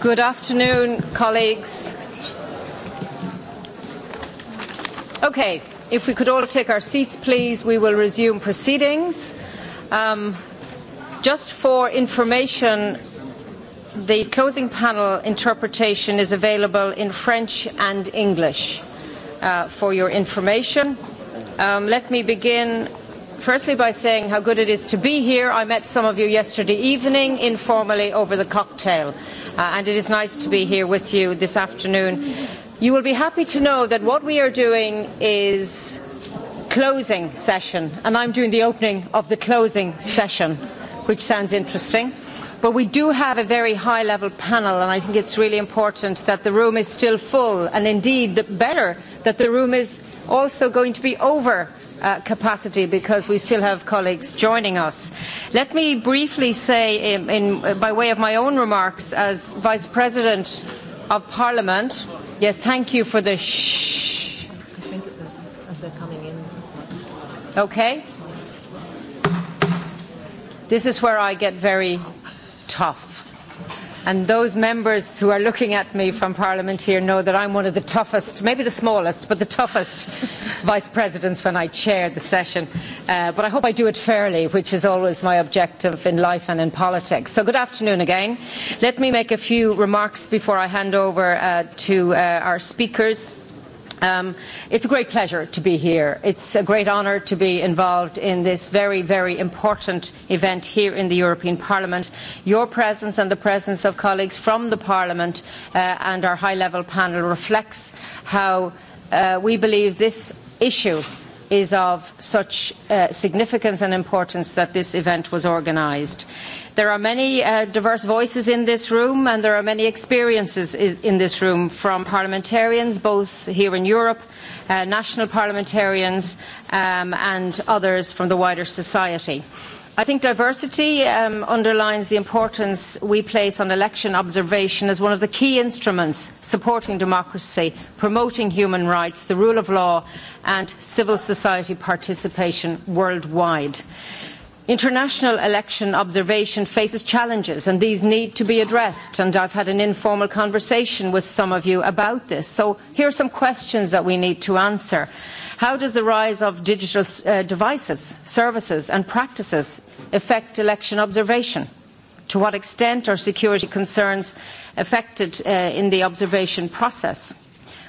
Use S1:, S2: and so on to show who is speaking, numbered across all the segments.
S1: Good afternoon, colleagues. Okay, if we could all take our seats, please, we will resume proceedings. Um, just for information, the closing panel interpretation is available in French and English uh, for your information. Um, let me begin firstly by saying how good it is to be here. I met some of you yesterday evening informally over the cocktail, uh, and it is nice to be here with you this afternoon. You will be happy to know that what we are doing is closing session, and I'm doing the opening of the closing session, which sounds interesting. But we do have a very high level panel, and I think it's really important that the room is still full, and indeed, the better that the room is also going to be over uh, capacity because we still have colleagues joining us. Let me briefly say, in, in, uh, by way of my own remarks, as Vice President of Parliament, yes, thank you for the shh. Okay. This is where I get very tough. And those members who are looking at me from Parliament here know that I'm one of the toughest, maybe the smallest, but the toughest vice presidents when I chair the session. Uh, but I hope I do it fairly, which is always my objective in life and in politics. So good afternoon again. Let me make a few remarks before I hand over uh, to uh, our speakers. Um, it's a great pleasure to be here. It's a great honour to be involved in this very, very important event here in the European Parliament. Your presence and the presence of colleagues from the Parliament uh, and our high-level panel reflects how uh, we believe this issue is of such uh, significance and importance that this event was organised. There are many uh, diverse voices in this room and there are many experiences in this room from parliamentarians both here in Europe, uh, national parliamentarians um, and others from the wider society. I think diversity um, underlines the importance we place on election observation as one of the key instruments supporting democracy, promoting human rights, the rule of law and civil society participation worldwide. International election observation faces challenges and these need to be addressed and I've had an informal conversation with some of you about this. So here are some questions that we need to answer. How does the rise of digital uh, devices, services and practices affect election observation? To what extent are security concerns affected uh, in the observation process?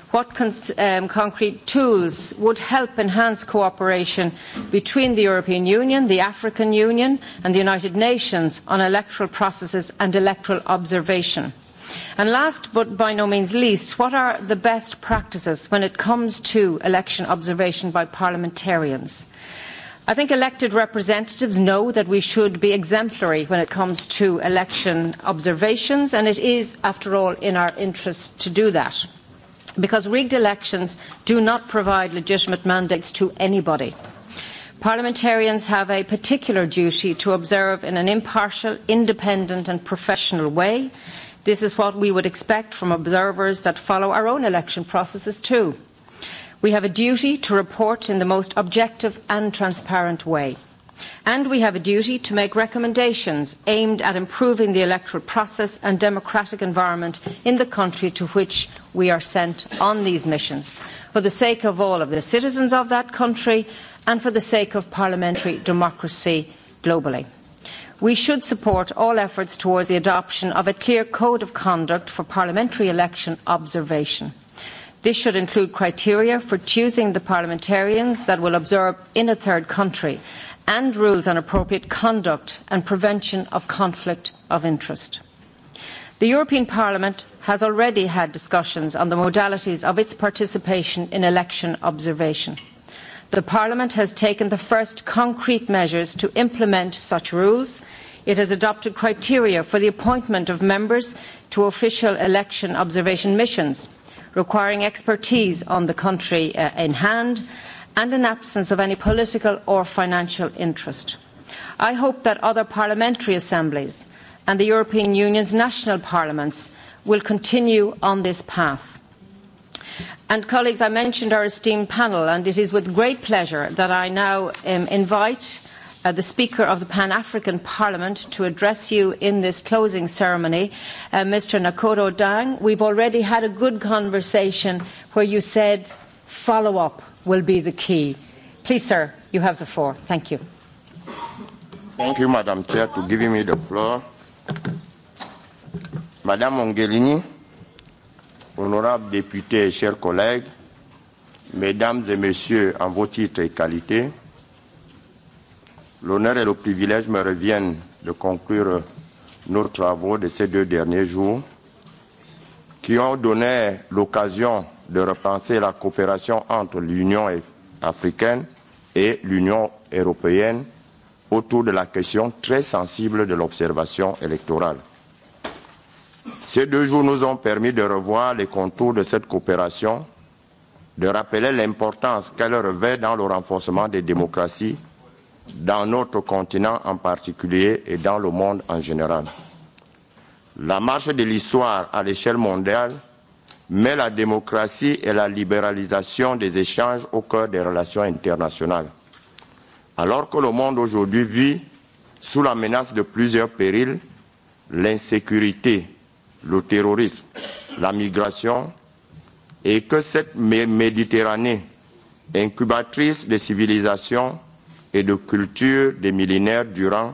S1: What con um, concrete tools would help enhance cooperation between the European Union, the African Union and the United Nations on electoral processes and electoral observation? And last but by no means least, what are the best practices when it comes to election observation by parliamentarians? I think elected representatives know that we should be exemplary when it comes to election observations, and it is, after all, in our interest to do that. Because rigged elections do not provide legitimate mandates to anybody. Parliamentarians have a particular duty to observe in an impartial, independent, and professional way This is what we would expect from observers that follow our own election processes too. We have a duty to report in the most objective and transparent way. And we have a duty to make recommendations aimed at improving the electoral process and democratic environment in the country to which we are sent on these missions, for the sake of all of the citizens of that country and for the sake of parliamentary democracy globally. We should support all efforts towards the adoption of a clear code of conduct for parliamentary election observation. This should include criteria for choosing the parliamentarians that will observe in a third country and rules on appropriate conduct and prevention of conflict of interest. The European Parliament has already had discussions on the modalities of its participation in election observation. The Parliament has taken the first concrete measures to implement such rules. It has adopted criteria for the appointment of members to official election observation missions, requiring expertise on the country uh, in hand and an absence of any political or financial interest. I hope that other parliamentary assemblies and the European Union's national parliaments will continue on this path. And colleagues, I mentioned our esteemed panel, and it is with great pleasure that I now um, invite uh, the Speaker of the Pan-African Parliament to address you in this closing ceremony, uh, Mr. Nakoro Dang. We've already had a good conversation where you said follow-up will be the key. Please, sir, you have the floor. Thank you.
S2: Thank you, Madam Chair, for giving me the floor. Madam Ongelini honorables députés et chers collègues, mesdames et messieurs, en vos titres et qualités, l'honneur et le privilège me reviennent de conclure nos travaux de ces deux derniers jours qui ont donné l'occasion de repenser la coopération entre l'Union e-, africaine et l'Union européenne autour de la question très sensible de l'observation électorale. Ces deux jours nous ont permis de revoir les contours de cette coopération, de rappeler l'importance qu'elle revêt dans le renforcement des démocraties, dans notre continent en particulier et dans le monde en général. La marche de l'histoire à l'échelle mondiale met la démocratie et la libéralisation des échanges au cœur des relations internationales. Alors que le monde aujourd'hui vit sous la menace de plusieurs périls, l'insécurité, le terrorisme, la migration, et que cette Méditerranée, incubatrice de civilisations et de cultures des millénaires durant,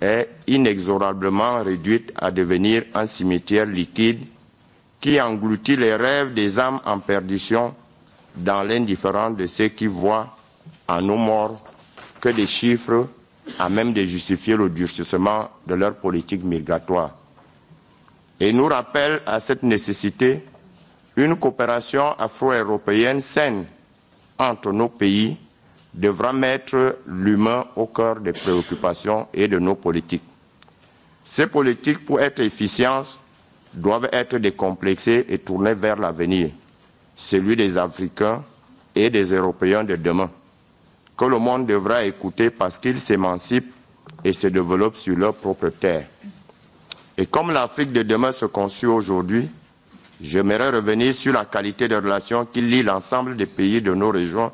S2: est inexorablement réduite à devenir un cimetière liquide qui engloutit les rêves des âmes en perdition dans l'indifférence de ceux qui voient en nos morts que des chiffres à même de justifier le durcissement de leur politique migratoire et nous rappelle à cette nécessité une coopération afro-européenne saine entre nos pays devra mettre l'humain au cœur des préoccupations et de nos politiques. Ces politiques, pour être efficientes, doivent être décomplexées et tournées vers l'avenir, celui des Africains et des Européens de demain, que le monde devra écouter parce qu'ils s'émancipent et se développent sur leur propre terre. Et comme l'Afrique de demain se conçut aujourd'hui, j'aimerais revenir sur la qualité des relations qui lient l'ensemble des pays de nos régions.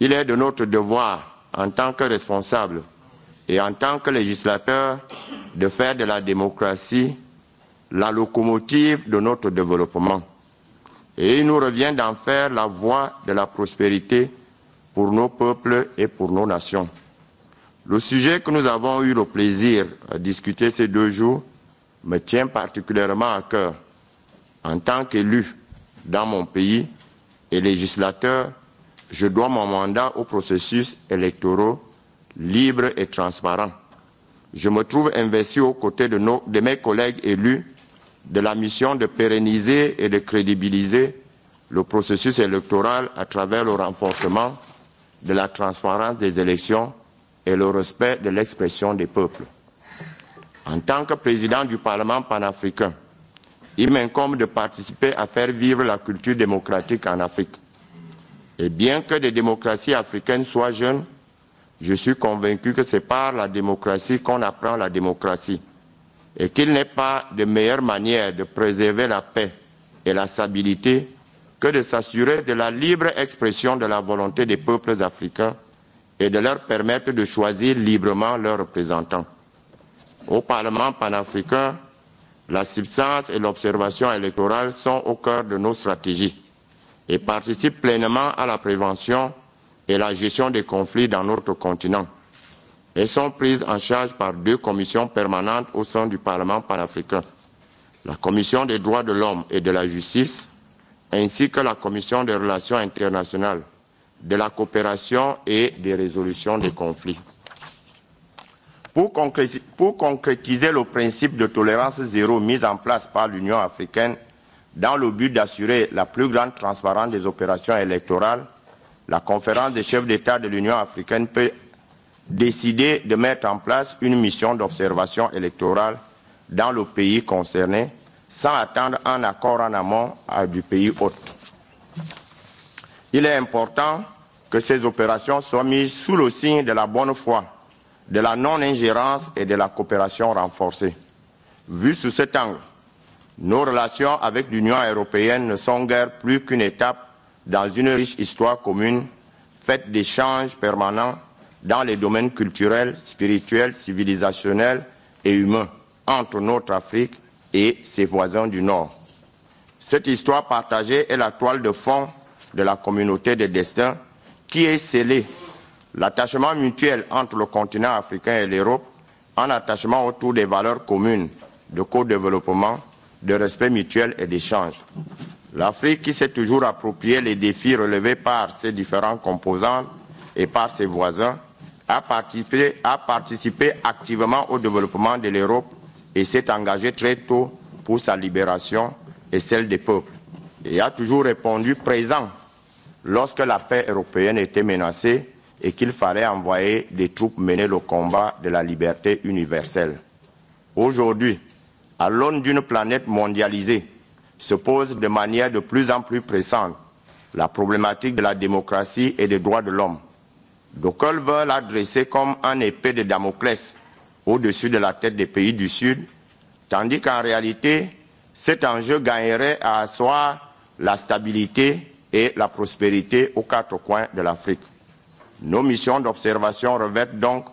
S2: Il est de notre devoir, en tant que responsable et en tant que législateur, de faire de la démocratie la locomotive de notre développement. Et il nous revient d'en faire la voie de la prospérité pour nos peuples et pour nos nations. Le sujet que nous avons eu le plaisir de discuter ces deux jours me tient particulièrement à cœur. En tant qu'élu dans mon pays et législateur, je dois mon mandat aux processus électoraux libres et transparents. Je me trouve investi aux côtés de, nos, de mes collègues élus de la mission de pérenniser et de crédibiliser le processus électoral à travers le renforcement de la transparence des élections et le respect de l'expression des peuples. En tant que président du Parlement panafricain, il m'incombe de participer à faire vivre la culture démocratique en Afrique. Et bien que les démocraties africaines soient jeunes, je suis convaincu que c'est par la démocratie qu'on apprend la démocratie et qu'il n'est pas de meilleure manière de préserver la paix et la stabilité que de s'assurer de la libre expression de la volonté des peuples africains et de leur permettre de choisir librement leurs représentants au Parlement panafricain, la substance et l'observation électorale sont au cœur de nos stratégies et participent pleinement à la prévention et la gestion des conflits dans notre continent et sont prises en charge par deux commissions permanentes au sein du Parlement panafricain, la Commission des droits de l'homme et de la justice, ainsi que la Commission des relations internationales, de la coopération et des résolutions des conflits. Pour, concrétiser, pour concrétiser le principe de tolérance zéro mis en place par l'Union africaine dans le but d'assurer la plus grande transparence des opérations électorales, la conférence des chefs d'État de l'Union africaine peut décider de mettre en place une mission d'observation électorale dans le pays concerné sans attendre un accord en amont du pays hôte. Il est important que ces opérations soient mises sous le signe de la bonne foi de la non-ingérence et de la coopération renforcée. Vu sous cet angle, nos relations avec l'Union européenne ne sont guère plus qu'une étape dans une riche histoire commune faite d'échanges permanents dans les domaines culturels, spirituels, civilisationnels et humains entre notre Afrique et ses voisins du Nord. Cette histoire partagée est la toile de fond de la communauté des destins qui est scellée L'attachement mutuel entre le continent africain et l'Europe, en attachement autour des valeurs communes de co-développement, de respect mutuel et d'échange. L'Afrique qui s'est toujours approprié les défis relevés par ses différents composants et par ses voisins a participé, a participé activement au développement de l'Europe et s'est engagé très tôt pour sa libération et celle des peuples et a toujours répondu présent lorsque la paix européenne était menacée et qu'il fallait envoyer des troupes mener le combat de la liberté universelle. Aujourd'hui, à l'aune d'une planète mondialisée, se pose de manière de plus en plus pressante la problématique de la démocratie et des droits de l'homme. D'aucuns veulent la dresser comme un épée de Damoclès au-dessus de la tête des pays du Sud, tandis qu'en réalité, cet enjeu gagnerait à asseoir la stabilité et la prospérité aux quatre coins de l'Afrique. Nos missions d'observation revêtent donc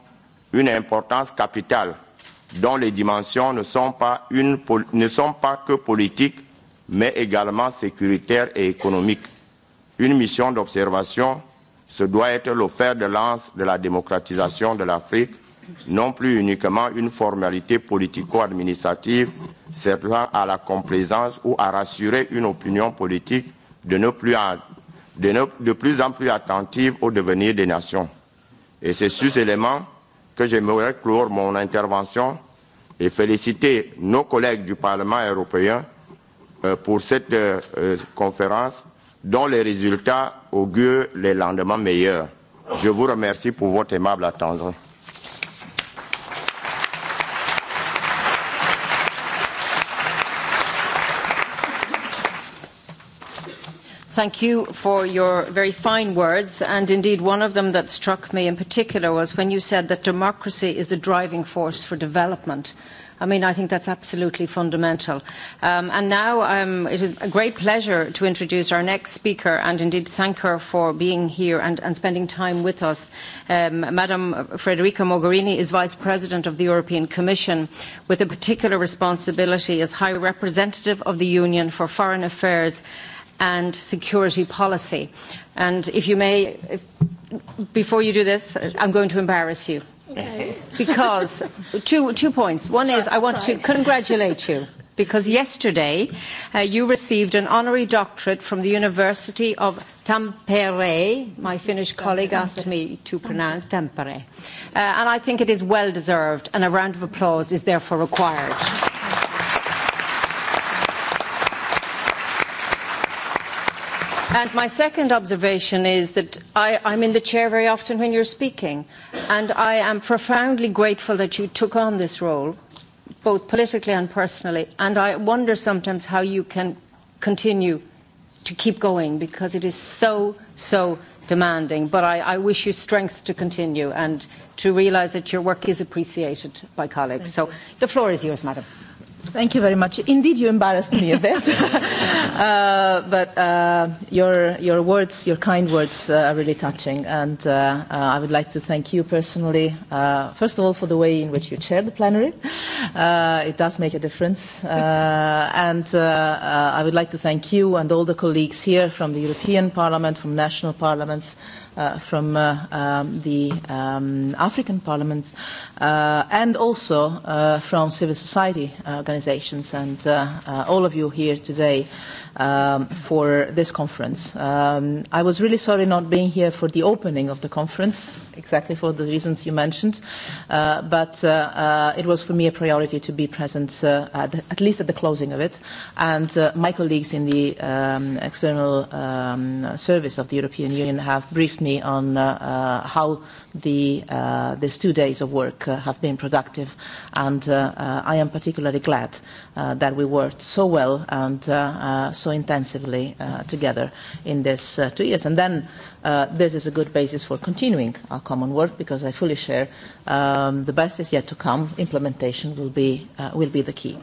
S2: une importance capitale dont les dimensions ne sont pas, une, ne sont pas que politiques, mais également sécuritaires et économiques. Une mission d'observation, ce doit être le fer de lance de la démocratisation de l'Afrique, non plus uniquement une formalité politico-administrative servant à la complaisance ou à rassurer une opinion politique de ne plus de, nos, de plus en plus attentive au devenir des nations. Et c'est sur ces éléments que j'aimerais clore mon intervention et féliciter nos collègues du Parlement européen euh, pour cette euh, euh conférence dont les résultats augurent les lendemains meilleurs. Je vous remercie pour votre aimable attention.
S1: Thank you for your very fine words. And indeed, one of them that struck me in particular was when you said that democracy is the driving force for development. I mean, I think that's absolutely fundamental. Um, and now um, it is a great pleasure to introduce our next speaker and indeed thank her for being here and, and spending time with us. Um, Madam Frederica Mogherini is Vice President of the European Commission with a particular responsibility as High Representative of the Union for Foreign Affairs and security policy. And if you may, if, before you do this, I'm going to embarrass you. Okay. because two, two points. One try, is I want try. to congratulate you because yesterday uh, you received an honorary doctorate from the University of Tampere. My Finnish colleague asked me to pronounce Tampere. Uh, and I think it is well deserved and a round of applause is therefore required. And my second observation is that I, I'm in the chair very often when you're speaking, and I am profoundly grateful that you took on this role, both politically and personally, and I wonder sometimes how you can continue to keep going because it is so, so demanding. But I, I wish you strength to continue and to realise that your work is appreciated
S3: by colleagues. Thank so you. the floor is yours, Madam. Thank you very much. Indeed, you embarrassed me a bit, uh, but uh, your your words, your kind words, uh, are really touching, and uh, uh, I would like to thank you personally. Uh, first of all, for the way in which you chair the plenary, uh, it does make a difference, uh, and uh, uh, I would like to thank you and all the colleagues here from the European Parliament, from national parliaments uh, from uh, um, the um, African parliaments uh, and also uh, from civil society organizations and uh, uh, all of you here today um, for this conference. Um, I was really sorry not being here for the opening of the conference, exactly for the reasons you mentioned, uh, but uh, uh, it was for me a priority to be present uh, at, at least at the closing of it, and uh, my colleagues in the um, external um, service of the European Union have briefed me me on uh, uh, how the, uh, these two days of work uh, have been productive. And uh, uh, I am particularly glad uh, that we worked so well and uh, uh, so intensively uh, together in these uh, two years. And then uh, this is a good basis for continuing our common work because I fully share um, the best is yet to come. Implementation will be, uh, will be the key.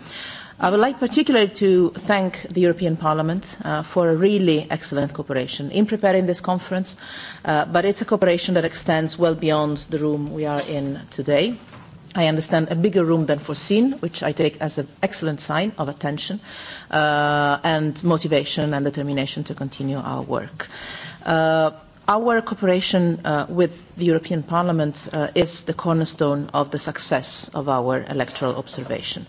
S3: I would like particularly to thank the European Parliament uh, for a really excellent cooperation in preparing this conference, uh, but it's a cooperation that extends well beyond the room we are in today. I understand a bigger room than foreseen, which I take as an excellent sign of attention uh, and motivation and determination to continue our work. Uh, Our cooperation uh, with the European Parliament uh, is the cornerstone of the success of our electoral observation.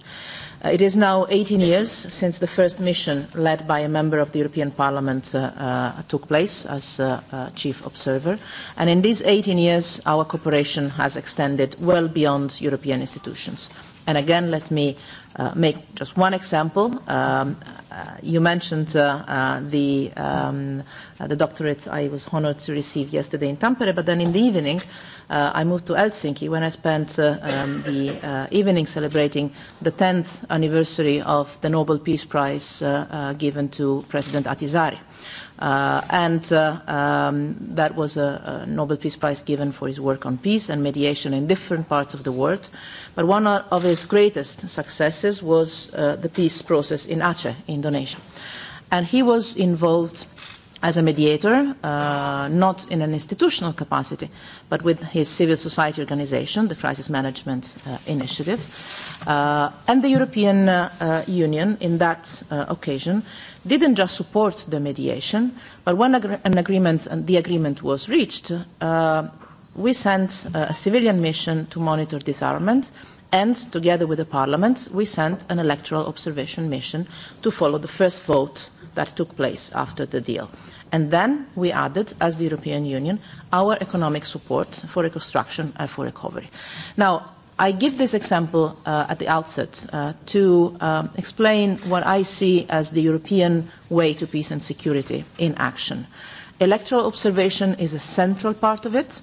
S3: Uh, it is now 18 years since the first mission led by a member of the European Parliament uh, uh, took place as uh, uh, chief observer. And in these 18 years, our cooperation has extended well beyond European institutions. And again, let me uh, make just one example. Um, uh, you mentioned uh, uh, the, um, uh, the doctorate I was honored to receive yesterday in Tampere, but then in the evening, Uh, I moved to Helsinki when I spent uh, um, the uh, evening celebrating the 10th anniversary of the Nobel Peace Prize uh, uh, given to President Atizari. Uh, and uh, um, that was a, a Nobel Peace Prize given for his work on peace and mediation in different parts of the world. But one of his greatest successes was uh, the peace process in Aceh, Indonesia. And he was involved as a mediator, uh, not in an institutional capacity, but with his civil society organization, the Crisis Management uh, Initiative, uh, and the European uh, uh, Union in that uh, occasion didn't just support the mediation, but when ag an agreement and uh, the agreement was reached, uh, we sent uh, a civilian mission to monitor disarmament and together with the parliament, we sent an electoral observation mission to follow the first vote that took place after the deal. And then we added, as the European Union, our economic support for reconstruction and for recovery. Now, I give this example uh, at the outset uh, to um, explain what I see as the European way to peace and security in action. Electoral observation is a central part of it,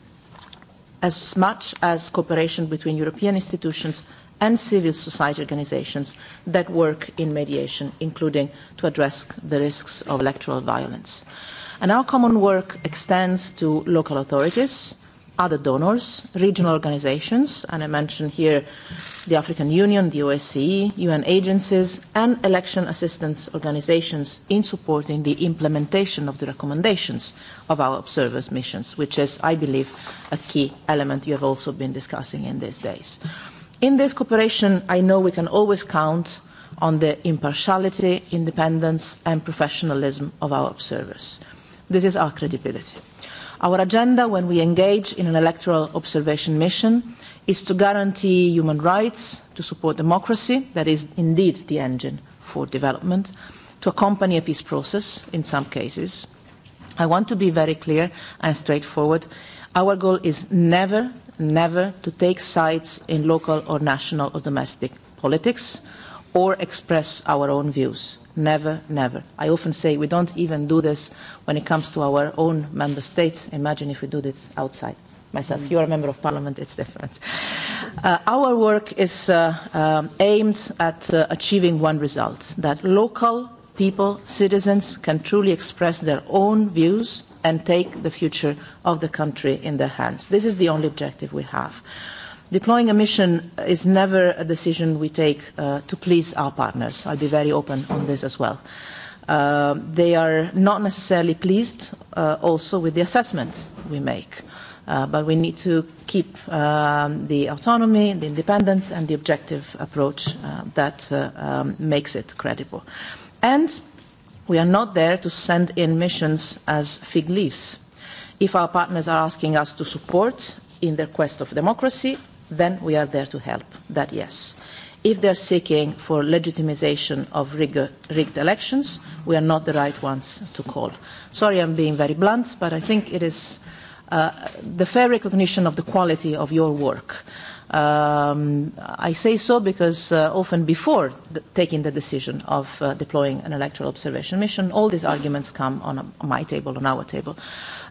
S3: as much as cooperation between European institutions and civil society organizations that work in mediation, including to address the risks of electoral violence. And our common work extends to local authorities, other donors, regional organizations, and I mention here the African Union, the OSCE, UN agencies, and election assistance organizations in supporting the implementation of the recommendations of our observers missions, which is, I believe, a key element you have also been discussing in these days. Mm -hmm. In this cooperation, I know we can always count on the impartiality, independence and professionalism of our observers. This is our credibility. Our agenda when we engage in an electoral observation mission is to guarantee human rights, to support democracy, that is indeed the engine for development, to accompany a peace process in some cases. I want to be very clear and straightforward. Our goal is never never to take sides in local or national or domestic politics or express our own views. Never, never. I often say we don't even do this when it comes to our own member states. Imagine if we do this outside. Myself, you are a member of parliament, it's different. Uh, our work is uh, um, aimed at uh, achieving one result, that local people, citizens can truly express their own views and take the future of the country in their hands. This is the only objective we have. Deploying a mission is never a decision we take uh, to please our partners. I'll be very open on this as well. Uh, they are not necessarily pleased uh, also with the assessment we make. Uh, but we need to keep um, the autonomy, the independence, and the objective approach uh, that uh, um, makes it credible. And we are not there to send in missions as fig leaves. If our partners are asking us to support in their quest of democracy, then we are there to help, that yes. If they're seeking for legitimization of rigged elections, we are not the right ones to call. Sorry I'm being very blunt, but I think it is uh, the fair recognition of the quality of your work. Um, I say so because uh, often before the, taking the decision of uh, deploying an electoral observation mission, all these arguments come on, a, on my table, on our table.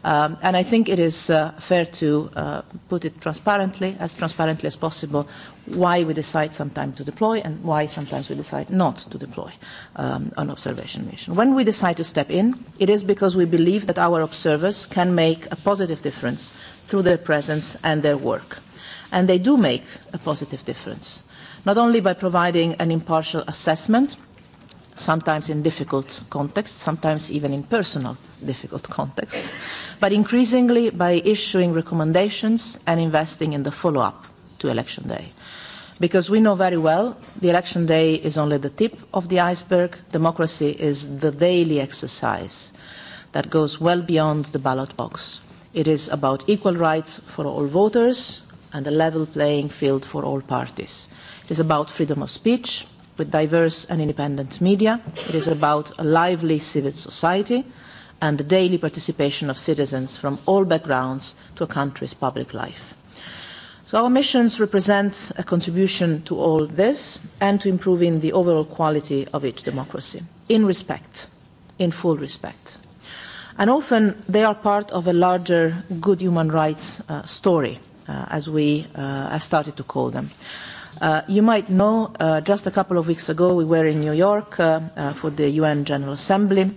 S3: Um, and I think it is uh, fair to uh, put it transparently, as transparently as possible, why we decide sometimes to deploy and why sometimes we decide not to deploy um, an observation mission. When we decide to step in, it is because we believe that our observers can make a positive difference through their presence and their work and they do make a positive difference, not only by providing an impartial assessment, sometimes in difficult contexts, sometimes even in personal difficult contexts, but increasingly by issuing recommendations and investing in the follow-up to election day. Because we know very well the election day is only the tip of the iceberg, democracy is the daily exercise that goes well beyond the ballot box. It is about equal rights for all voters, and a level playing field for all parties. It is about freedom of speech with diverse and independent media. It is about a lively civil society and the daily participation of citizens from all backgrounds to a country's public life. So our missions represent a contribution to all this and to improving the overall quality of each democracy in respect, in full respect. And often they are part of a larger good human rights uh, story uh, as we uh, have started to call them. Uh, you might know, uh, just a couple of weeks ago, we were in New York uh, uh, for the UN General Assembly,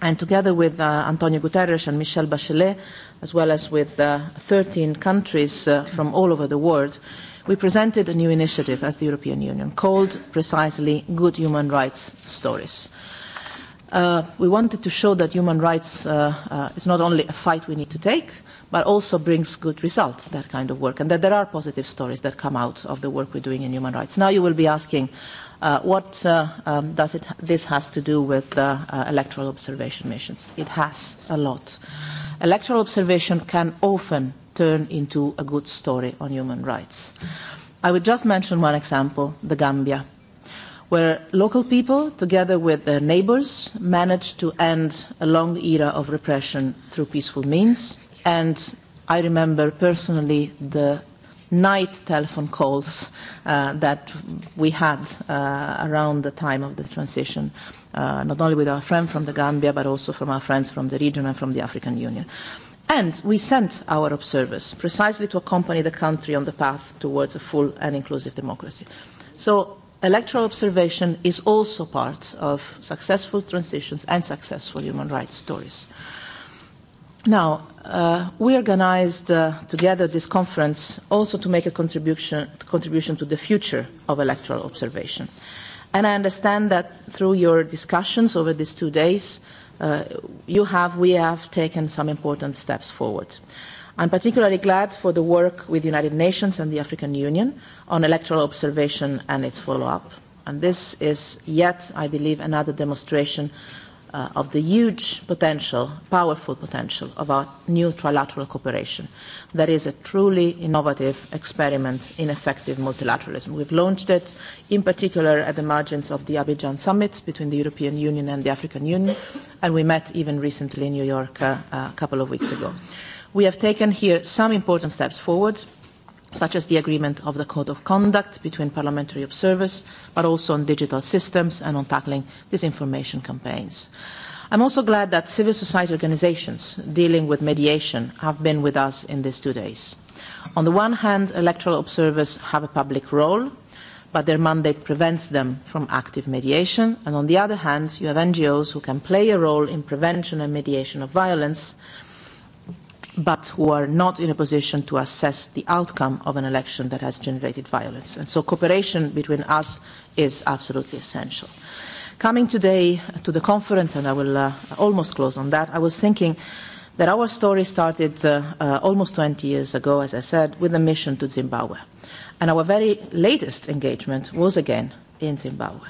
S3: and together with uh, Antonio Guterres and Michel Bachelet, as well as with uh, 13 countries uh, from all over the world, we presented a new initiative as the European Union called precisely Good Human Rights Stories. Uh, Uh, we wanted to show that human rights uh, uh, is not only a fight we need to take, but also brings good results, that kind of work, and that there are positive stories that come out of the work we're doing in human rights. Now you will be asking, uh, what uh, um, does it, this has to do with uh, uh, electoral observation missions? It has a lot. Electoral observation can often turn into a good story on human rights. I would just mention one example, the Gambia where local people, together with their neighbours, managed to end a long era of repression through peaceful means. And I remember personally the night telephone calls uh, that we had uh, around the time of the transition, uh, not only with our friend from the Gambia, but also from our friends from the region and from the African Union. And we sent our observers precisely to accompany the country on the path towards a full and inclusive democracy. So electoral observation is also part of successful transitions and successful human rights stories. Now, uh, we organized uh, together this conference also to make a contribution, contribution to the future of electoral observation. And I understand that through your discussions over these two days, uh, you have, we have taken some important steps forward. Uh, I'm particularly glad for the work with the United Nations and the African Union on electoral observation and its follow-up. And this is yet, I believe, another demonstration uh, of the huge potential, powerful potential of our new trilateral cooperation. That is a truly innovative experiment in effective multilateralism. We've launched it in particular at the margins of the Abidjan summit between the European Union and the African Union, and we met even recently in New York uh, a couple of weeks ago. We have taken here some important steps forward, such as the agreement of the Code of Conduct between parliamentary observers, but also on digital systems and on tackling disinformation campaigns. I'm also glad that civil society organizations dealing with mediation have been with us in these two days. On the one hand, electoral observers have a public role, but their mandate prevents them from active mediation. And on the other hand, you have NGOs who can play a role in prevention and mediation of violence, but who are not in a position to assess the outcome of an election that has generated violence. And so cooperation between us is absolutely essential. Coming today to the conference, and I will uh, almost close on that, I was thinking that our story started uh, uh, almost 20 years ago, as I said, with a mission to Zimbabwe. And our very latest engagement was again in Zimbabwe.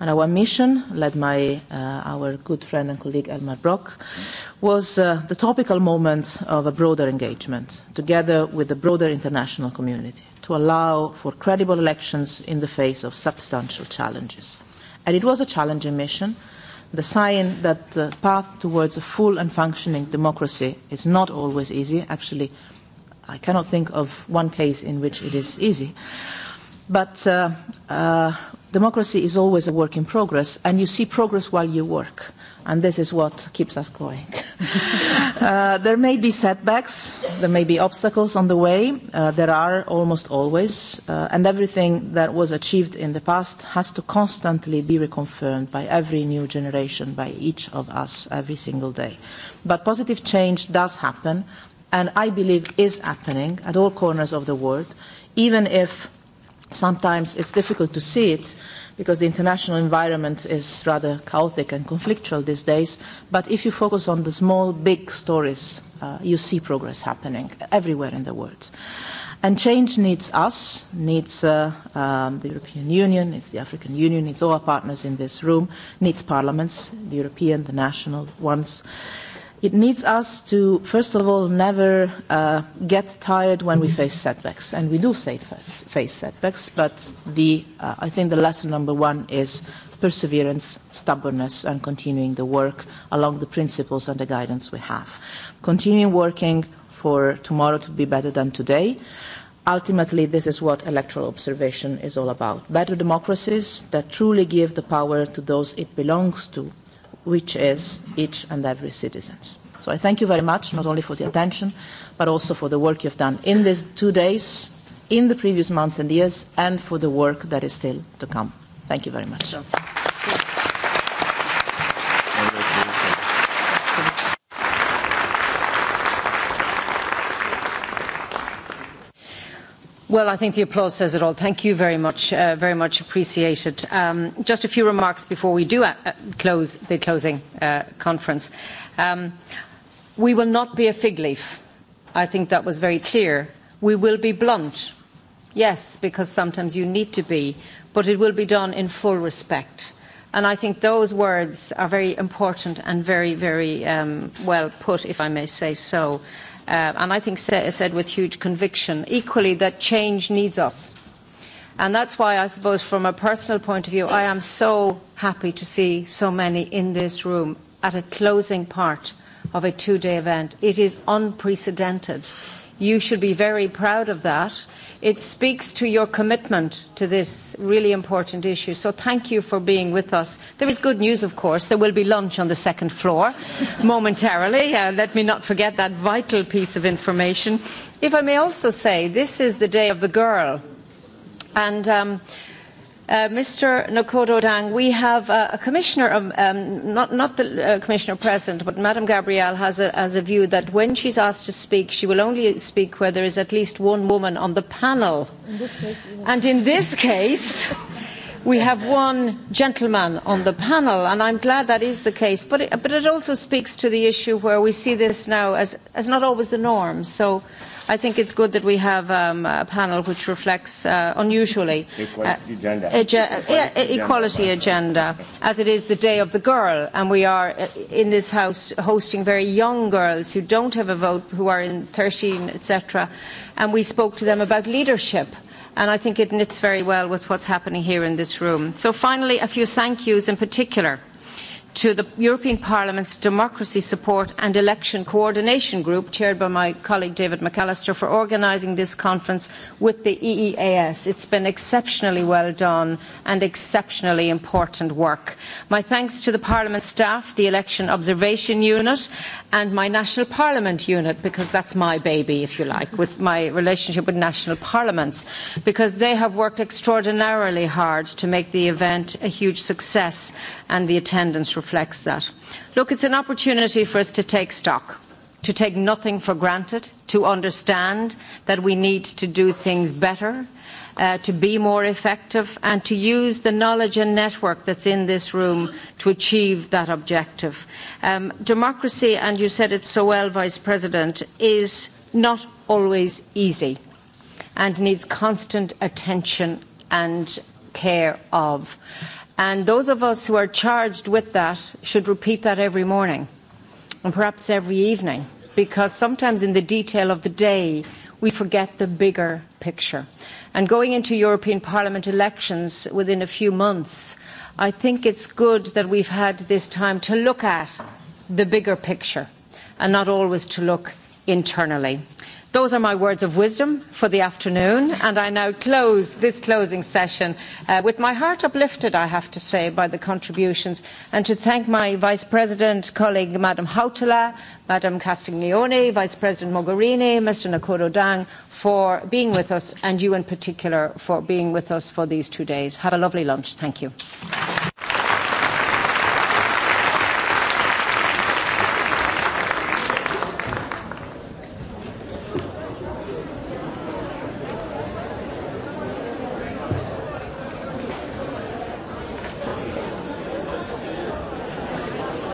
S3: And our mission, led by uh, our good friend and colleague Elmar Brock, was uh, the topical moment of a broader engagement, together with the broader international community, to allow for credible elections in the face of substantial challenges. And it was a challenging mission, the sign that the path towards a full and functioning democracy is not always easy. Actually, I cannot think of one case in which it is easy. But uh, uh, democracy is always a work in progress, and you see progress while you work. And this is what keeps us going. uh, there may be setbacks, there may be obstacles on the way, uh, there are almost always, uh, and everything that was achieved in the past has to constantly be reconfirmed by every new generation, by each of us, every single day. But positive change does happen, and I believe is happening at all corners of the world, even if Sometimes it's difficult to see it because the international environment is rather chaotic and conflictual these days. But if you focus on the small, big stories, uh, you see progress happening everywhere in the world. And change needs us, needs uh, um, the European Union, needs the African Union, needs all our partners in this room, needs parliaments, the European, the national ones. It needs us to, first of all, never uh, get tired when we mm-hmm. face setbacks, and we do say face setbacks, but the, uh, I think the lesson number one is perseverance, stubbornness, and continuing the work along the principles and the guidance we have. Continuing working for tomorrow to be better than today. Ultimately, this is what electoral observation is all about. Better democracies that truly give the power to those it belongs to which is each and every citizen. So I thank you very much, not only for the attention, but also for the work you've done in these two days, in the previous months and years, and for the work that is still to come. Thank you very much. Sure.
S1: Well, I think the applause says it all. Thank you very much, uh, very much appreciated. Um, just a few remarks before we do uh, uh, close the closing uh, conference. Um, we will not be a fig leaf. I think that was very clear. We will be blunt, yes, because sometimes you need to be, but it will be done in full respect. And I think those words are very important and very, very um, well put, if I may say so uh, and I think sa said with huge conviction, equally that change needs us. And that's why I suppose from a personal point of view, I am so happy to see so many in this room at a closing part of a two-day event. It is unprecedented You should be very proud of that. It speaks to your commitment to this really important issue. So thank you for being with us. There is good news, of course. There will be lunch on the second floor momentarily. Uh, let me not forget that vital piece of information. If I may also say, this is the day of the girl. And um, Uh, Mr. Nokoto Dang, we have uh, a commissioner, um, um, not, not the uh, commissioner present, but Madam Gabrielle has a, has a view that when she's asked to speak, she will only speak where there is at least one woman on the panel. In this case, And in this case, we have one gentleman on the panel, and I'm glad that is the case. But it, but it also speaks to the issue where we see this now as, as not always the norm. So I think it's good that we have um, a panel which reflects uh, unusually
S2: equality uh, agenda. Ag-
S1: equality, agenda. agenda, as it is the Day of the Girl, and we are uh, in this house hosting very young girls who don't have a vote, who are in 13, etc., and we spoke to them about leadership and I think it knits very well with what's happening here in this room. So finally, a few thank yous in particular to the European Parliament's Democracy Support and Election Coordination Group, chaired by my colleague David McAllister, for organising this conference with the EEAS. It's been exceptionally well done and exceptionally important work. My thanks to the Parliament staff, the Election Observation Unit, and my National Parliament Unit, because that's my baby, if you like, with my relationship with national parliaments, because they have worked extraordinarily hard to make the event a huge success and the attendance reflects that. Look, it's an opportunity for us to take stock, to take nothing for granted, to understand that we need to do things better, uh, to be more effective, and to use the knowledge and network that's in this room to achieve that objective. Um, democracy, and you said it so well, Vice President, is not always easy and needs constant attention and care of. And those of us who are charged with that should repeat that every morning and perhaps every evening, because sometimes in the detail of the day, we forget the bigger picture. And going into European Parliament elections within a few months, I think it's good that we've had this time to look at the bigger picture and not always to look internally. Those are my words of wisdom for the afternoon, and I now close this closing session uh, with my heart uplifted, I have to say, by the contributions, and to thank my Vice President colleague, Madam Hautala, Madam Castiglione, Vice President Mogherini, Mr. Nakoro Dang, for being with us, and you in particular for being with us for these two days. Have a lovely lunch. Thank you.